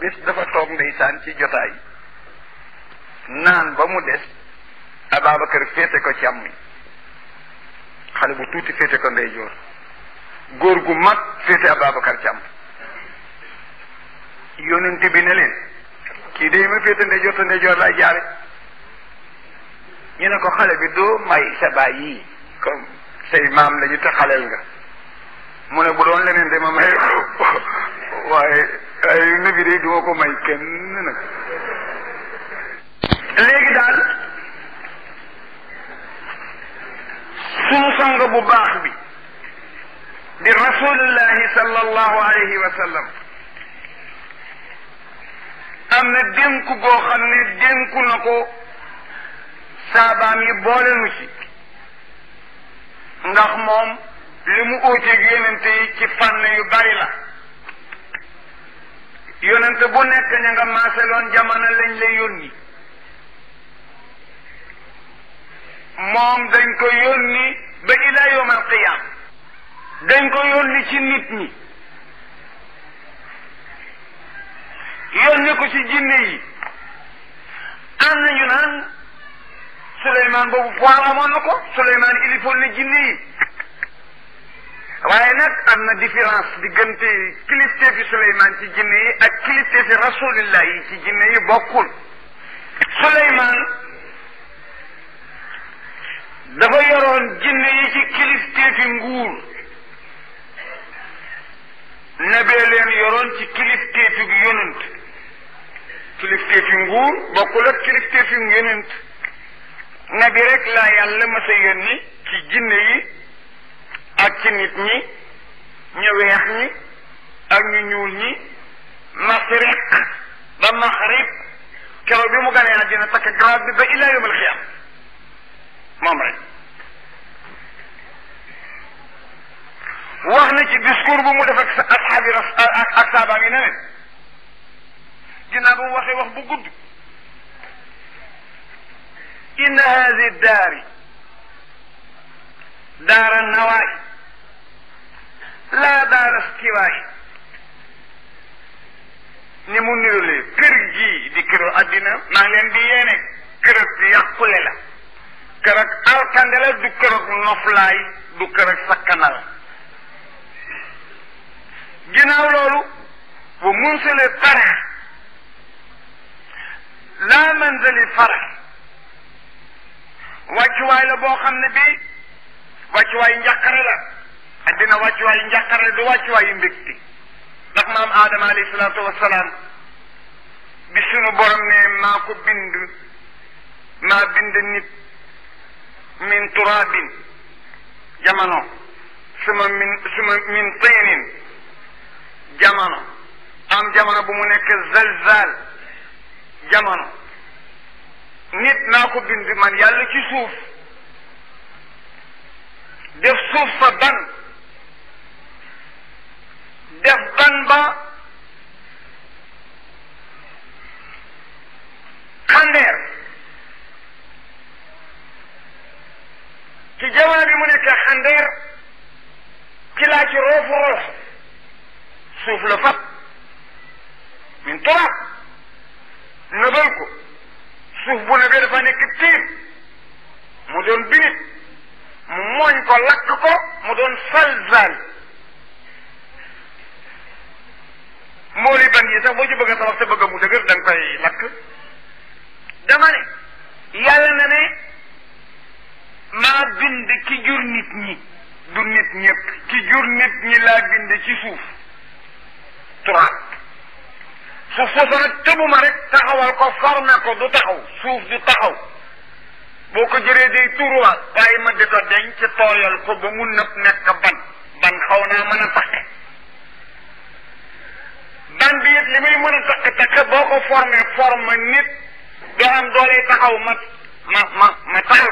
bis dafa toog ndeysaan ci jotaay naan ba mu des Ababacar féete ko càmmoñ xale bu tuuti féete ko ndeyjoor góor gu mag féete Ababacar càmm yonent bi ne leen kii day ma féete ndeyjoor te ndeyjoor laay jaare ñu ne ko xale bi doo may sa baay yii comme say maam lañu te xaleel nga mu ne bu doon leneen de ma may waaye waaye nabi day duma may kenn nag léegi daal sunu bu baax bi di rasulullahi sallallahu alayhi wa sallam am na dénku goo xam ne dénku na ko saabaam yi boole ci ndax moom li mu óoteeg yonente yi ci fànn yu bari la yonent bu nekk ña nga maaseloon jamono lañ lay yónni moom dañ ko yónni ba ila yawm dañ ko yónni ci nit ñi yónni ko ci jinne yi am nañu naan Suleymaan boobu poir amoon na ko Suleymaan ilifoon na jinne yi waaye nag am na différence diggante kilifteefi Suleymaan ci jinne yi ak kilifteefi rasulillah yi ci jinne yi bokkul Suleymaan dafa yoroon jinne yi ci kilifteefi nguur nabee leen yoroon ci kilifteefi yonent kilifteefi nguur bokkul ak kilifteefi yonent nabi rek laa yàlla ma sa yónni ci jinne yi ak ci nit ñi ñu weex ñi ak ñu ñuul ñi masriq ba maxrib keroog bi mu ganee àddina takk grade bi ba ila yawm alxiyam moom rek wax na ci discours bu mu def ak ashaabi ak saabaam yi ne leen ginnaaw bu mu waxee wax bu gudd inna haadi daari daara nawaay laa daara stiwaay ni mu nirolee kër gii di këru àddina maa ngi leen di yéene kërag yàqule la kërag alkande la du kërag noflaay du kërag sakkanal ginnaaw loolu bu munsale pare laa manzali fara wàccuwaay la boo xam ne bii wàccuwaayu njàqare la àddina wàccuwaayu njàqare du wàccuwaayu mbégte ndax maam aadama alayhi salaatu wasalaam bi sunu borom ne maa ko bind maa bind nit min turaabin jamono suma min suma min tiinin jamono am jamono bu mu nekk zalzal jamono nit maa ko bind man yàlla ci suuf def suuf fa ban def ban ba xandeer ci jawaab yi mu nekk xandeer ci laa ci roofu suuf la fat min turaab nëbal ko suuf bu ne bee dafa nekk tiim mu doon binit mooñ ko lakk ko mu doon salzal moo li ban yi sax boo ci bëgg a tabax te bëgg a mu dëgër da nga koy lakk dama ne yàlla na maa bind ki jur nit ñi du nit ñëpp ki jur nit ñi laa bind ci suuf turaab suuf soosu nag tëbuma rek taxawal ko forme ko du taxaw suuf du taxaw boo ko jëlee day tuuruwaat waaye ma di ko denc tooyal ko ba mu nëb ban ban xaw naa mën a taxe ban bi it li muy mën a takk boo ko formé forme nit doo am doole taxaw ma ma ma ma taal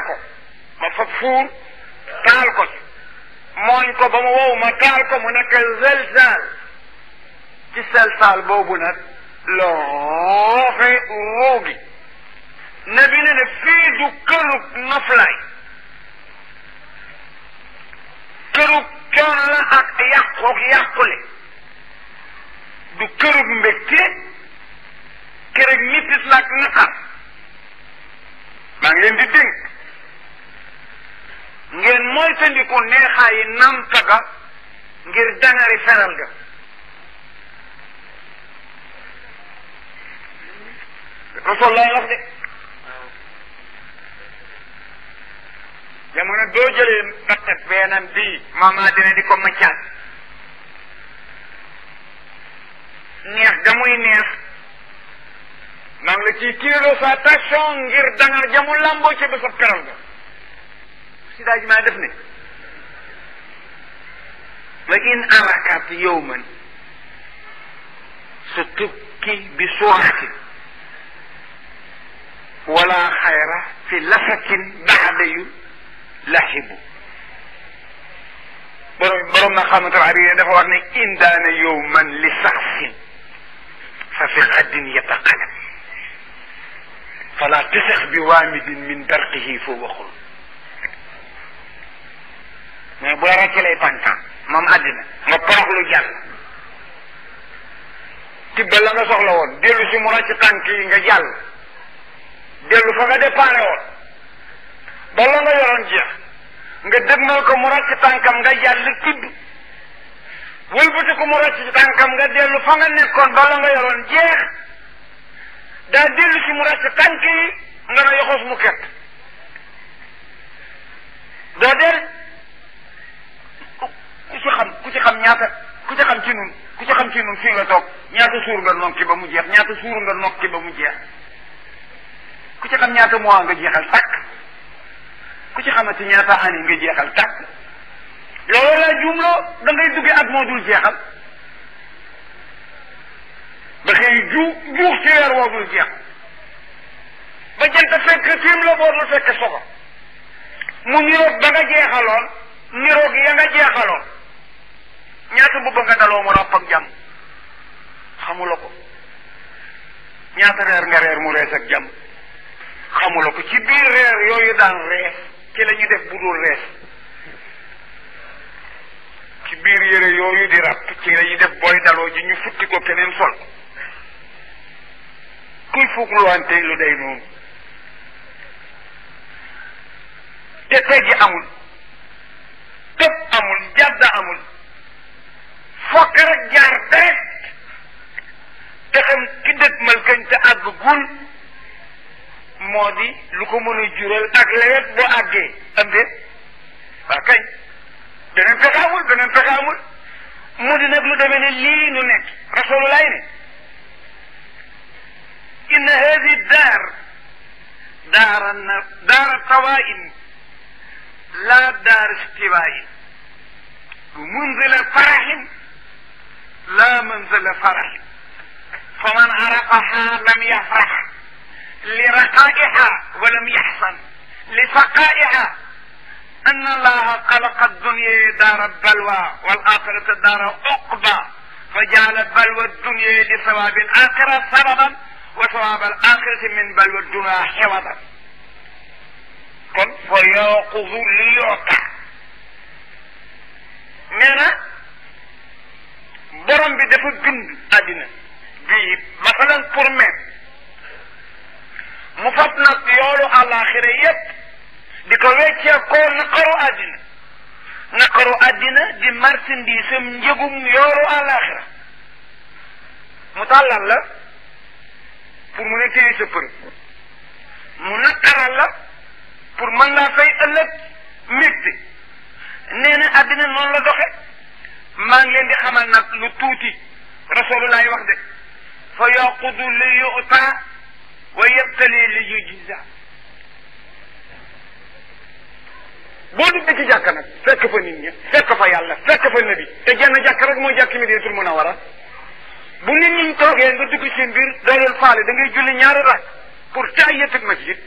mooñ ko ba mu wow ma taal ko mu nekk zelzaal ci zelzaal boobu nag loo fi nabi ne ne fii du kërug noflaay kërug coon la ak yàqoog yàqule du kërug mbégte kërug nitit la ak naqar maa ngi leen di dénk ngeen moytandiku neexaayi namta ga ngir dangari feral ga rasul lay de jamono doo jëlee bakkat beenam bii mama dina di ko maccaat neex ga neex nang la ciy tiiroo sa attention ngir dangar jamu lamboo ci ba sa peral nga si ji maa def ne wa in arakat yowman su tukki bi suratin wala xayra fi lafatin baada lahibu borom borom na xamante ne dafa wax ne indaana yow man li saxsin fa fi xaddin yataqalam fala tasex bi waamidin min darqihi foo waxul mais bu la rekkelee pantan moom àddina nga poroxlu jàll tibba la nga soxla woon dellu si mu ràcc tànk yi nga jàll fa nga déparé woon ba la nga yoroon jeex nga dëgmal ko mu rocc tànkam nga jàll tibb wëlbati ko mu rocc ci tànkam nga dellu fa nga nekkoon ba la nga yoroon jeex daa dellu si mu rocc tànk yi nga na yoxoos mu kepp doo del ku ci xam ku ci xam ñaata ku ci xam ci nun ku ci xam ci nun fii nga toog ñaata suur nga nokki ba mu jeex ñaata suur nga nokki ba mu jeex ku ci xam ñaata mois nga jeexal sàkk ku ci xamati ñaata année nga jeexal tak loolu la jumlo da ngay duggé ak modul dul jeexal ba xey ju ju ci yar woo jeex ba jant fekk tim la bo do fekk sogo mu rek da nga ñu rek ya nga jeexaloon ñaata bu nga daloo mu rap ak jam xamula ko ñaata reer nga reer mu reess ak jam xamula ko ci biir reer yoyu daan reess ci la def bu dul rees ci biir yére yooyu di ràpp ci la def booy daloo ji ñu futti ko keneen sol kuy fugluwante lu day noonu te teggi amul tëb amul jàdda amul fokk rek jaar deret te xam ki dëgmal kañ te àgg gul modi lu ko mën a jural ak lewet boo àggee am déet waa kañ beneen pexe amul beneen pexe amul lu demene li nu nek rasulullah ni inna hadi dar daara dar tawain la dar daar bu munzil farahin la munzil farahin فمن عرفها لم يفرح لرقائها ولم يحصل لسقائها أن الله خلق الدنيا دار البلوى والآخرة دار عقبى فجعل بلوى الدنيا لثواب الآخرة سببا وثواب الآخرة من بلوى الدنيا حوضا قل فياقظ ليعطى نانا نعم. برم بدف الدنيا bind مثلا bii mu fab nag yoolu àllaaxira yépp di ko weccee koo naqaru àddina naqaru àddina di marchandise am njëgum yoolu àllaaxira mu tàllal la pour mu ne téye sa mu naqaral la pour mën laa fay ëllëg mbégte nee na àddina noonu la doxe maa ngi leen di xamal nag lu tuuti rasulullaay wax de fa yaqudu li yuta wa yabtali li yujza boo duggee ci jàkka nag fekk fa nit ña fekk fa yàlla fekk fa nabi te genn jàkka rek mooy jàkk Madiinatul Munawwara bu nit ñi toogee nga dugg seen biir doo leen faale da ngay julli ñaari rak pour taahiyatul masjid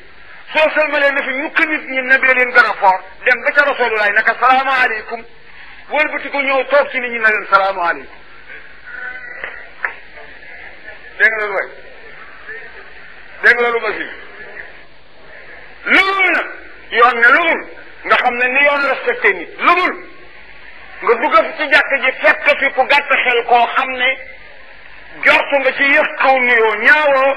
soo salmalee na fi ñu ko nit ñi nabee leen gën a fort dem ba ca rasulullaay naka salaamaaleykum wëlbati ko ñëw toog ci nit ñi na leen salaamaaleykum dégg nga loolu waay dégg la lu ba si lumul nag yoon ne lumul nga xam ne ni yoon respecté nit lumul nga dugg fi ci jàkk ji fekk fi ku gàtt xel koo xam ne jortu nga ci yëf kaw nuyoo ñaawoo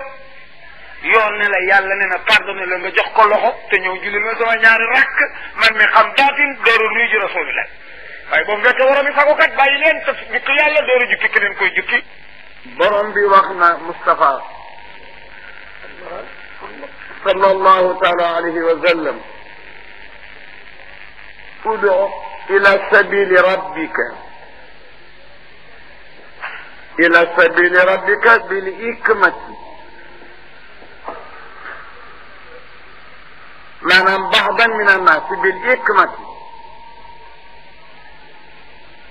yoon ne la yàlla ne na pardonné la nga jox ko loxo te ñëw julli ma sama ñaari rakk man mi xam daatin dooru nuyu ji rasulillah waaye boobu nga te waroon i fagukat bàyyi leen te jukki yàlla dooru jukki keneen koy jukki borom bi wax na Moustapha صلى الله تعالى عليه وسلم ادع إلى سبيل ربك إلى سبيل ربك بالحكمة معنى بعضا من الناس بالحكمة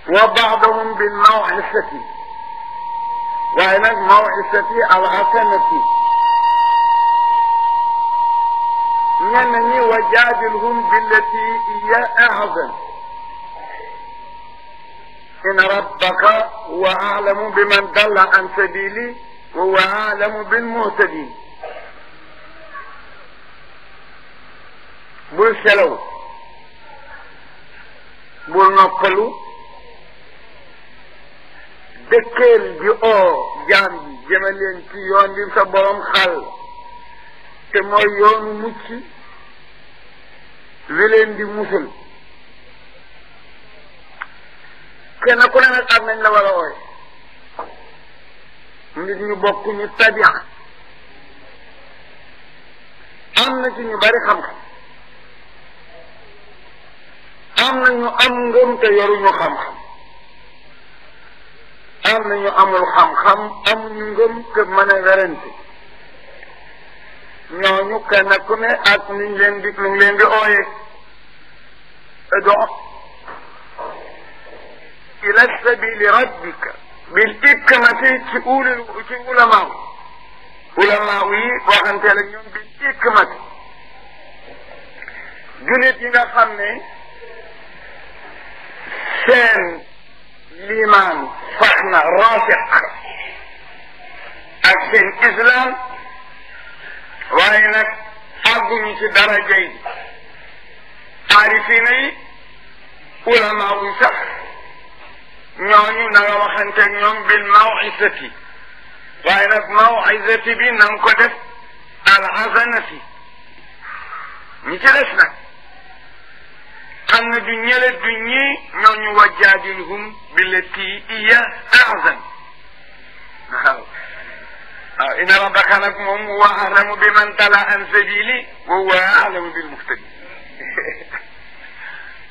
وبعضهم بالموعظة وعنك موعظة الحسنة وجادلهم بالتي هي أعظم إن ربك هو أعلم بمن ضل عن سبيلي وهو أعلم بالمهتدين بول سلو بول نقلو بكل دي او جان جمالين تي يون دي سبورم خال تي مو li leen di kenn ku ne nag am nañ la war a ooy nit ñu bokk ñu am na ci ñu bari xam-xam am na ñu am ngëm te yoruñu xam-xam am na ñu amul xam-xam am ngëm te mën a werante ñooñu kenn ku ne ak ni ñu leen di lu ngi leen di ooye donc ila sabili rabbika bil hikmati ci ulul ci ulamaaw ulamaaw yi waxantee la ñoom bil hikmati julit yi nga xam ne seen limaan sax na ak seen islam waaye nag àgguñu ci daraja yi aarifiina yi ulamaa wuñ ñooñu na nga waxante ñoom bil mawizati waaye nag mawizati bi na nga ko def al hasanati ñi ci des nag xam ne du ñële du ñii ñooñu wajjaadilhum billati iya ahsan waaw inna rabbaka nag moom huwa ahlamu bi man tala an sabili wa huwa ahlamu bil muhtadi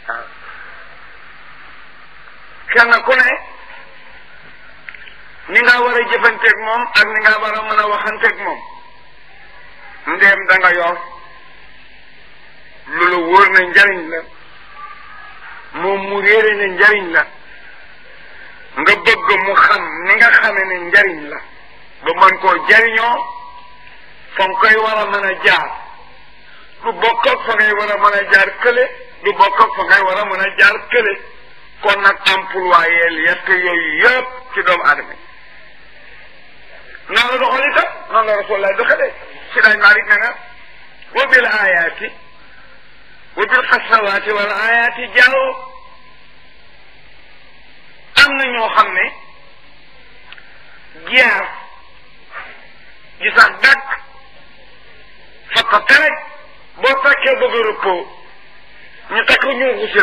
waaw kenn ku ne ni nga war a jëfanteeg moom ak ni nga war a mën a waxanteeg moom ndéem da nga yor loolu wóor na njariñ la moom mu réere na njariñ la nga bëgg mu xam ni nga njariñ la ba mën koo jariñoo fa koy war a mën a jaar du bokk ak fa ngay war a mën a jaar kële du bokk ak fa ngay war a mën a jaar kële kon nag employé yett yooyu yëpp ci doomu aadama yi noonu la doxal itam noonu la rasulullah doxalee si dañ Maalik ne na wa bil ayaati wa bil xasawaati wal ayaati jaaw am na ñoo xam ne jaar ji sax dàq fa ko boo takkee bëgg a rëppoo ñu takk ñu xusi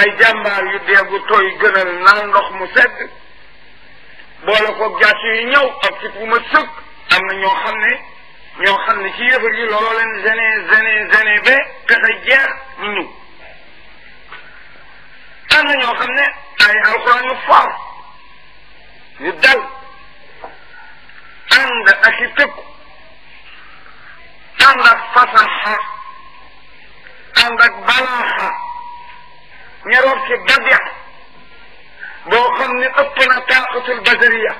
ay jàmbaar yu deegu tooy gënal nal ndox mu sedd boole ko jaas yu ñëw ak ci fu ma am na ñoo xam ne ñoo xam ne ci yëfar yi looloo leen gene gene gene ba pexe jeex ñu am na ñoo xam ne ay alxuraan yu faar yu dal ànd ak i tëkku ànd ak fasaxa ànd ak balaaxa ñaroot ci badia boo xam ne ëpp na taaxatul basariya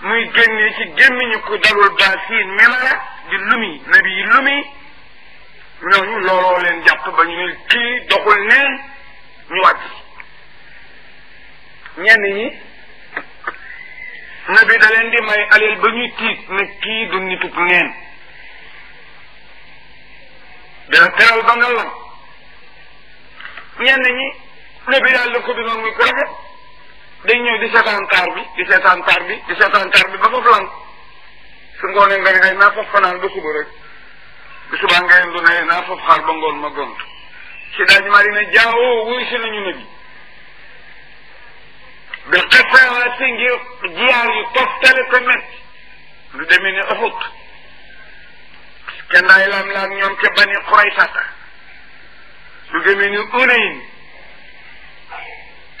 muy génne ci gémmiñu ko dalul baasin melara di lumi nabi yi lumi ñooñu looloo leen jàpp ba ñu ne kii doxul neen ñu wàcc ñenn ñi nabi da leen di may aleel ba ñuy tiit ne kii du nitub neen dana teral ba nga lam ñenn ñi nabi daal la ko du noonu muy ku rafet dañ ñëw di seetaan taar bi di seetaan taar bi di seetaan taar bi ba foofu lan su ngoonee nga ne ay naa foofu fanaan ba rek bu subaa nga yendu na naa foofu xaar ba ngoon ma gont si daaj maa dina jaawoo wuy si nañu nabi bi xifaasi ngi jiyaar yu toftale ko métti lu demee ne Uhud te ndaay laam laam ñoom ca bani Xuraysata lu demee ni Hunayn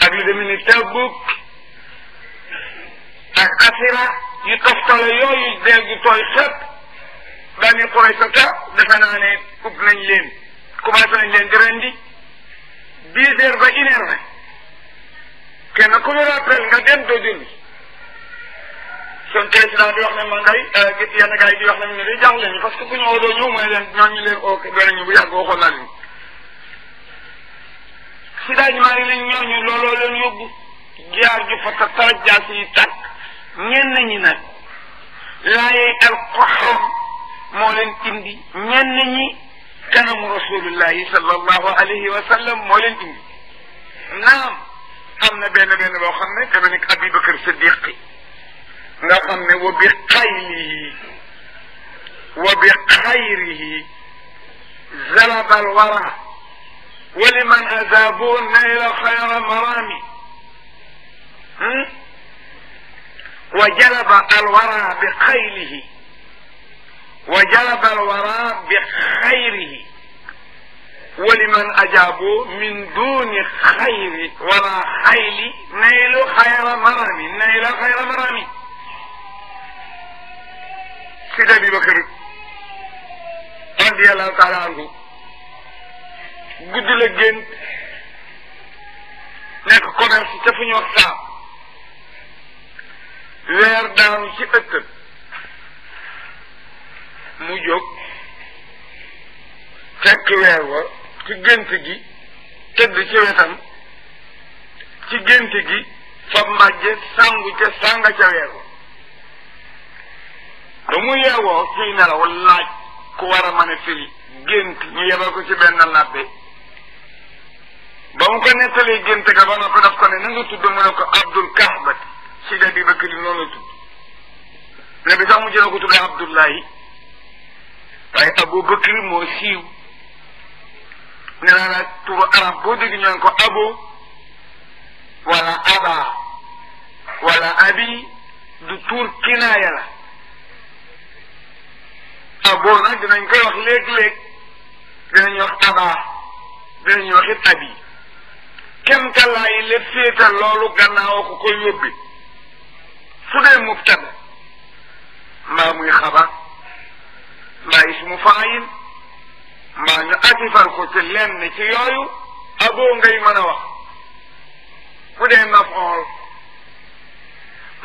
ak lu demee ni Tabuk ak Asira yu toftale yooyu deel gi tooy xëpp bani Xuraysata defe naa ne ub leen commencé nañ leen di rendi dix heures ba kenn ku ñu rappel nga dem doo julli seen président di wax ne man day euh, yenn gars yi di wax ne ñu day jaaxle ñu parce que ku ñu woo doo ñëw mooy leen ñoom ñu leen oo doon ñu bu yàgg waxoon naa leen si daaj maa ngi leen ñooñu looloo leen yóbbu jaar ju fa ta tarajjaas yi tàkk ñenn ñi nag laaye alqoxam moo leen indi ñenn ñi kanamu rasulillahi sallallahu alayhi wa sallam moo leen indi naam am na benn benn boo xam ne dafa nekk Abubakar Siddiq nga xam ne wa bi xayrihi wa bi xayrihi zalaba alwara wa liman azabuu nayla xayra marami wa jalaba alwara bi xayrihi wa jalaba alwara bi xayrihi ولمن أجابوا من دون خير ولا خيل نيل خير مرمي نيل خير مرمي سيد أبي بكر رضي الله تعالى عنه gudd la gént nekk commerce ca fu ñu wax saa weer daaw ci ëttëb mu jóg fekk weer wa ci gént gi tëdd ci wetam ci gént gi fab mbàjje sangu ca sànga ca weeru ba mu yeewoo ciy nelaw laaj ku war a mën a gént ñu yebal ko ci benn labbe ba mu ko nettalee gént ga ba nga ko daf ko ne na tudd mu ne ko abdul kahbat si da bi bëkk di noonu tudd ne sax mu jëla ko tudd abdullahi waaye abu bakri moo siiw nee naa la turu arab boo dégg ñu naan ko abo wala aba wala abi du tuur kinaaya la abo nag dinañ koy wax léeg-léeg dinañ wax aba dinañ wax it abi kem kalaay la féetal loolu gannaaw ko koy yóbbi su dee mubtada mbaa muy xabar mbaa ismu faayil mbaa ñu ajifar ko ci lenn ci yooyu aboo ngay mën a wax ku dee mafool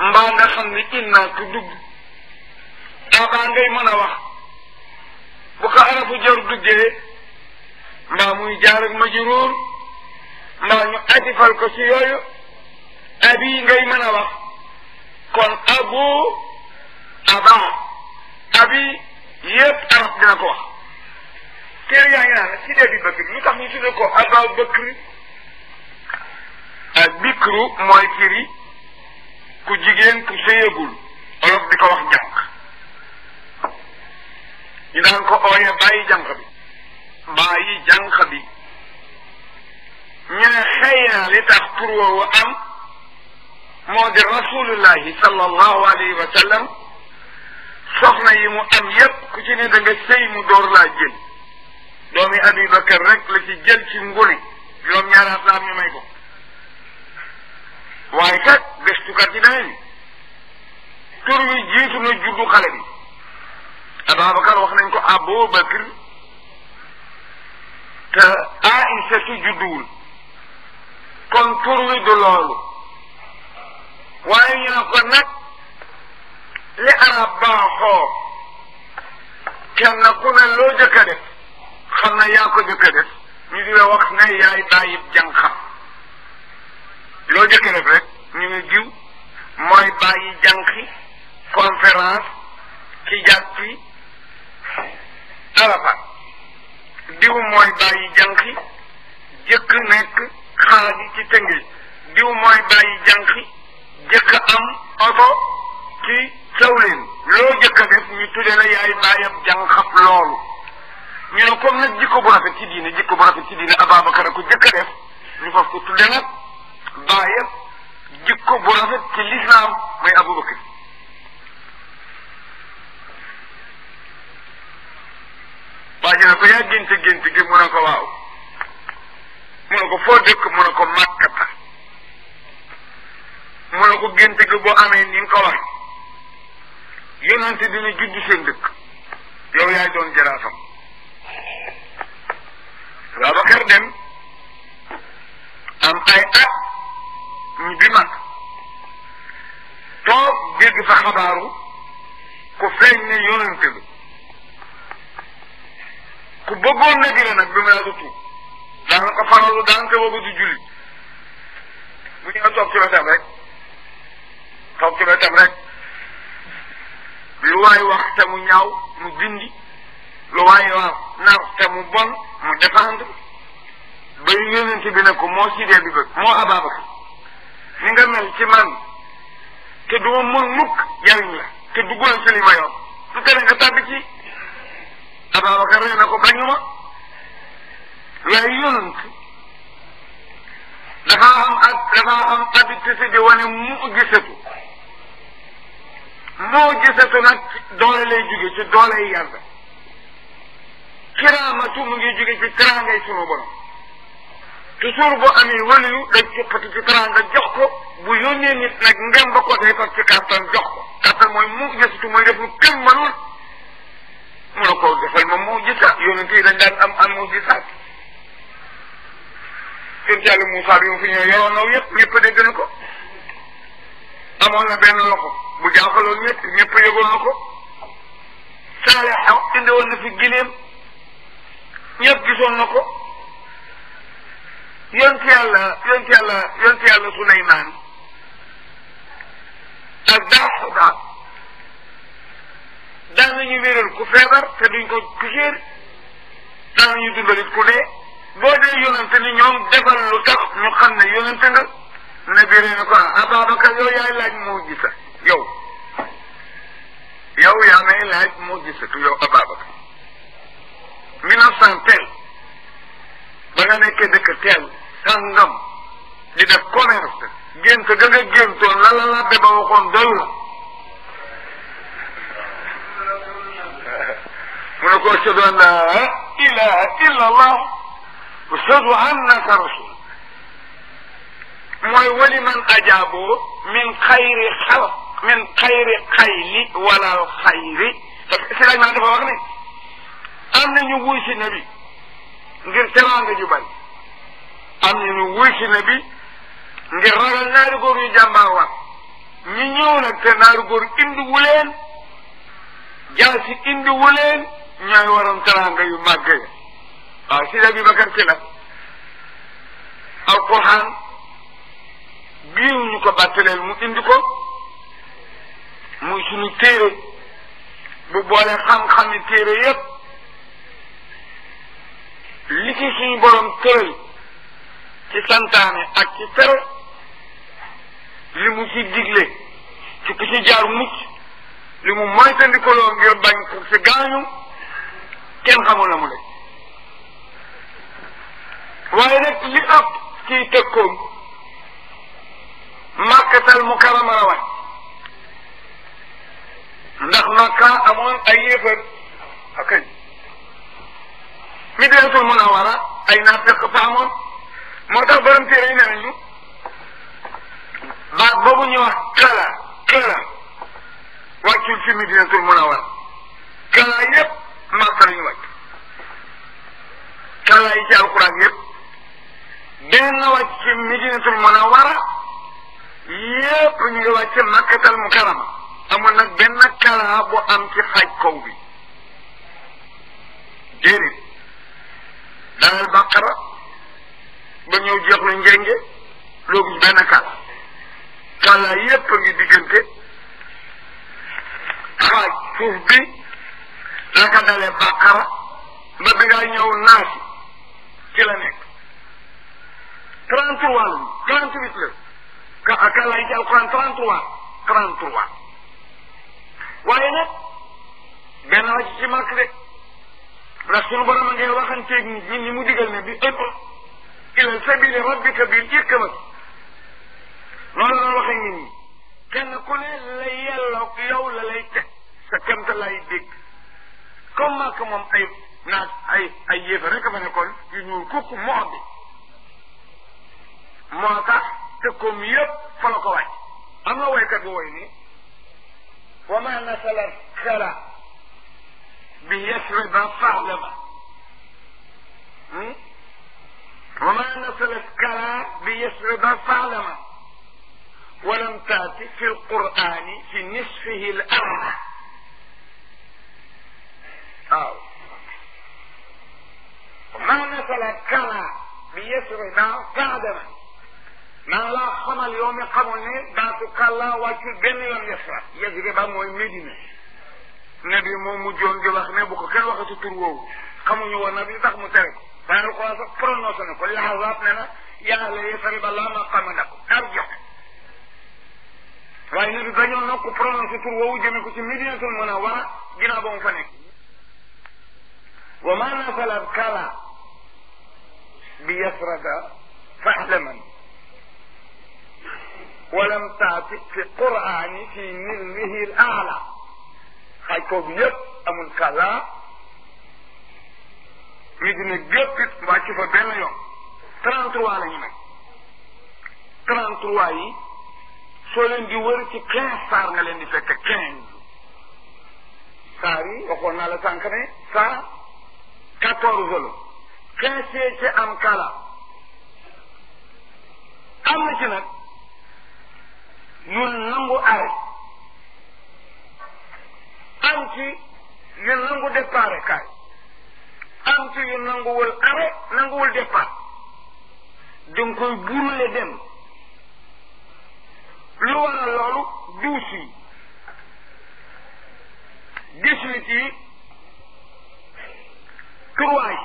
mbaa nga xam ni innaa ku dugg abaa ngay mën a wax bu ko arafu jar duggee mbaa muy jaar ak majruur mbaa ñu ajifal ko ci yooyu abi ngay mën a wax kon abu abaa abi yépp arab dina ko wax téere yaa ngi bi bëkk bi lu tax ñu tudde ko abaa bëkkri ak bikru mooy firi ku jigéen ku sëyagul olof di ko wax jànq ñu daan ko ooye bàyyi jànq bi bàyyi jànq bi ñu ne xëy na li tax tur woowu am moo di rasulullahi sallallahu alayhi wa soxna yi mu am yépp ku ci ne da nga mu door laa jël doomi Abi Bakar rek la ci jël ci ngune juróom ñaaraat la am ñu may ko waaye kat gëstukat yi jiitu na juddu xale bi Ababakar wax nañ ko Abu Bakar te Aïsatu judduwul kon tur du loolu waaye ñu ne ko nag li arab baaxoo kenn ku ne loo jëkk xam na yaa ko jëkk def ñu di la wax ne yaay bàyyi jànqa loo jëkk def rek ñu ngi jiw mooy bàyyi jànqi conférence ci jàppi Arafa diw mooy bàyyi jànqi jëkk nekk xaaji ci tëngéej diw mooy bàyyi jànqi jëkk am oto ci sawlin loo jëkk a def ñu tudde la yaay bàyyab jànqab loolu ñu ne comme nag jikko bu rafet ci diine jikko bu rafet ci diine Ababacar a ko jëkk def ñu fas ko tudde nag baayam jikko bu rafet ci lislaam mooy Aboubacar waa ji ne ko yaa gént gént gi mu ne ko waaw mu ne ko foo dëkk mu ne ko màkkata mu ne ko gént gi boo amee ni nga ko wax yonente dina judd seen dëkk yow yaay doon jaraafam Babacar dem am ay at ñu bi mag toog dégg fa xabaaru ku feeñ ne yonente bi ku bëggoon na jëlee nag bi mu yàgg tuub ko faralu daan te boobu du julli bu ñëwee toog ci wetam rek toog ci wetam rek lu waay wax te mu ñaaw mu dindi lu waaye waaw te mu bon mu défendre ba yonent bi ne ko moo sidee bi bëgg moo Ababacar ni nga mel ci man te du ma mën mukk jariñ la te duggal ci li ma yor du tere nga tàbbi ci Ababacar na ko bañu ma waaye yonent dafa am ak dafa am habitude di wane mu gisatu moo gisatu nag doole lay jóge ci doole yi kiraamatu mu ngi jóge ci teraangay sunu borom toujours boo amee waliyu day coppati ci teraanga jox ko bu yónnee nit nag ngem ba ko day ci kàttan jox ko kàttan mooy mu gëstu mooy def lu kenn ma mu mu gisaat ko amoon na benn bu jaaxaloon ñëpp ñëpp yëgoon na ko saalexa indi woon na fi gileem ñëpp gisoon na ko yonti yàlla yonti yàlla yonti yàlla Suleymaan ak daaxuda daan nañu wéral ku feebar te duñ ko piqûre daan nañu dundalit ku dee boo dee yonente ni ñoom defal lu tax ñu xam ne yonente nga ne biré ne ko Ababacar yow yaay laaj mujiza yow yow yaa 1900 teel ba nga nekkee dëkk teel sangam di def commerce gént la la labbe ba waxoon doyu la ko ashadu an laa ilaha illa allah ashadu annaka rasul mooy wali man ajaaboo min xayri min xayri xayli wala xayri si laaj ma dafa wax am na ñu wuy si nabi ngir teraanga ju bari am na ñu wuy si nabi ngir ragal naari góor yu jàmbaar waat ñu ñëw nag te naari góor indi wuleen jaasi indi wuleen ñooy waram teraanga yu màgge waaw si Abi Bakar ci la alquran bii ñu ko bàttaleel mu indi ko muy suñu téere bu boole xam-xami téere yépp li ci suñu borom tëral ci santaane ak ci tere li mu ci digle ci ku ci jaar mucc li mu moytandikoloo ngir bañ ko si gaañu kenn xamul la mu de waaye nag li ëpp ciy tëkkoom màkkatal mu karama la ndax makka amoon ay yéefar akañ Madinatul Munawwara ay naafeq fa amoon moo tax borom téere yi nee nañu baat boobu ñu wax kala kala wàccul ci Madinatul Munawwara kala yépp Makka lañu wàcc kala yi ci alquran yépp benn na wàcc ci Madinatul Munawwara yépp ñu ngi wàcc Makkatal Mukarrama amul nag benn kala bu am ci xaaj kaw bi daanal bàqara ba ñëw jox la njenge loogu benn kàlla kàlla yépp a diggante xaaj suuf bi la ko ba bi nga ñëw naas ci nekk trente wàll trente ka kàlla yi ci alquran trente trois trente trois ci ci de ndax sunu borom a ngay waxanteeg nit ñi ni mu digal ne bi ëpp ila sabili rabbika bil hikmati noonu la waxee nit ñi kenn ku ne la yàlla yow la lay teg sa kemta lay dégg comme maak moom ay naat ay ay yéefa rek fa nekkoon yu ñuul kukk moo bi moo tax te comme yëpp fa la ko wàcc am na woykat bu woy ni wa ma nasala kala بيشرب بالصعلبة وما نزلت كلا بيشرب بالصعلبة ولم تأتي في القرآن في نصفه الأعلى أو وما نزلت كلا بيشعر بالصعلبة ما لا خم اليوم قبل باتك الله بني لم يشعر يجري بمؤمنين nabi moo mujjoon di wax ne bu ko kenn waxatu tur woowu xamuñu woon nabi tax mu tere ko waaye alquran sax prononcé na ko laxasaat ne na yàlla yasriba laa maqama lakum arjo waaye nabi bañoon na ku prononcé tur woowu jëme ko ci Madinatul Munawwara ginnaaw ba mu fa nekk wa ma nafalat kala bi yasrada fahlaman ولم تعتق في القرآن في نله الأعلى kooku yëpp amul kàllaa Medina gépp it wàccu fa benn yoon 33 la nag 33 yi soo leen di wër ci 15 saar nga leen di fekk 15 saar yi waxoon naa la sànq ne saar 14 la 15 yee ci am kàllaa am na ci nag ñun nangu aare. am ci yu nangu déparé kaay am yu nanguwul arrêt nanguwul départ danga koy burule dem lu waral loolu douze yi dix yi trois yi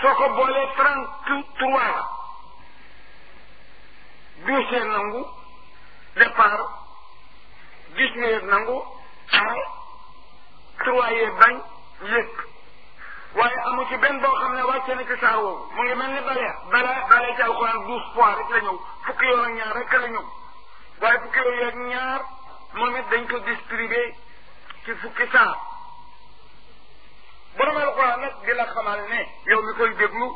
soo ko boolee trente-trois la nangu départ dix-neuf nangu tuwaayee bañ yëpp waaye amu ci benn boo xam ne wàcce ci saar woowu mu ngi mel ni bale bale bale ci alxuraan douze fois rek la ñëw fukki yoon ak ñaar rek la ñëw waaye fukki yoon ak ñaar moom it dañ ko distribué ci fukki saar borom alxuraan nag di la xamal ne yow mi koy déglu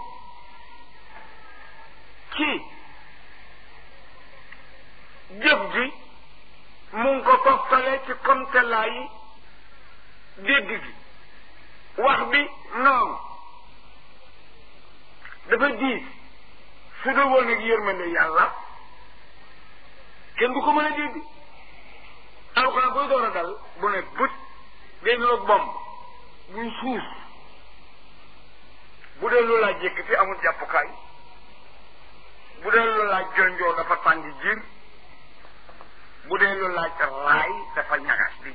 ci jëf ji mu ngi ko toftale ci komtelaa yi dégg gi wax bi noonu dafa diis su dul woon yërmande yàlla kenn du ko mën a dégg alxuraan booy door a dal bu ne but day niroog bomb bu dee loolu laa fi amul jàppukaay bu dee loolu laa dafa tàng jiir bu dee loolu laa dafa ñagas di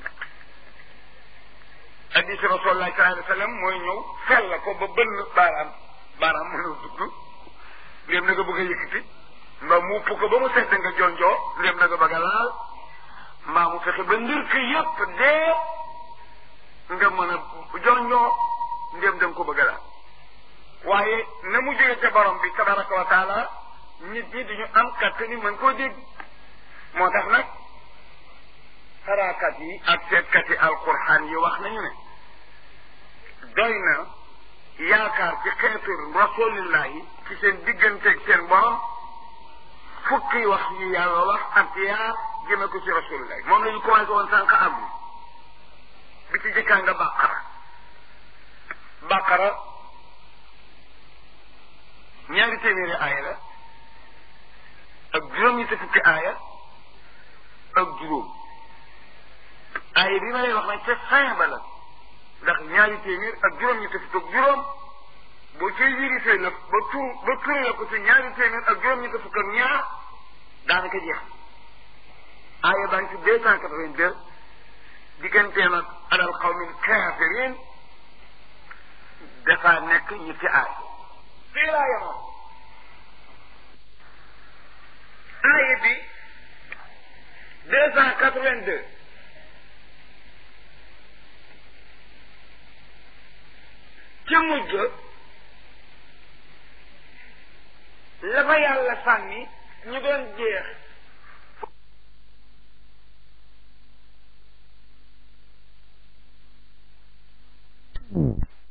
hadis rasulullah sallallahu alayhi wa sallam mooy ñëw fel la ko ba bënn baaraam baaraam mënul dugg ndéem na nga bëgg a yëkkati mbaa mu upp ko ba mu sedd nga jonjoo ndéem na nga bëgg a laal mbaa fexe ba ndir ko yépp dee nga mën a jonjoo ndéem da ko bëgg a laal waaye na mu jóge ca borom bi tabaraka wa nit ñi duñu am kàttan ni mën koo dégg moo tax nag xaraakat yi ak seetkat yi alquran yi wax nañu ne doy na yaakaar ci xeetu rasulillahi ci seen digganteeg seen borom fukki wax yu yàlla wax ak yaar jëme ko ci rasulillahi moom la ñu commencé woon sànq am bi ci jëkkaa nga bàqara bàqara ñaari téeméeri aaya la ak juróom ñetti fukki aaya ak juróom aaya bi ma lay wax nag ca fin la ndax ñaari téeméer ak juróom ñi tasi toog juróom boo cee vérifié nag ba tur ba ci ñaari téeméer ak juróom ñi tasi toog ñaar daanaka jeex aaya baa ngi ci deux cent quatre-vingt-deux digganteem ak alal xawmin kaafirin dafa nekk ñetti aay fii laa yemoon aaya bi deux cent quatre ca mujj la fa yàlla sànni ñu doon jeex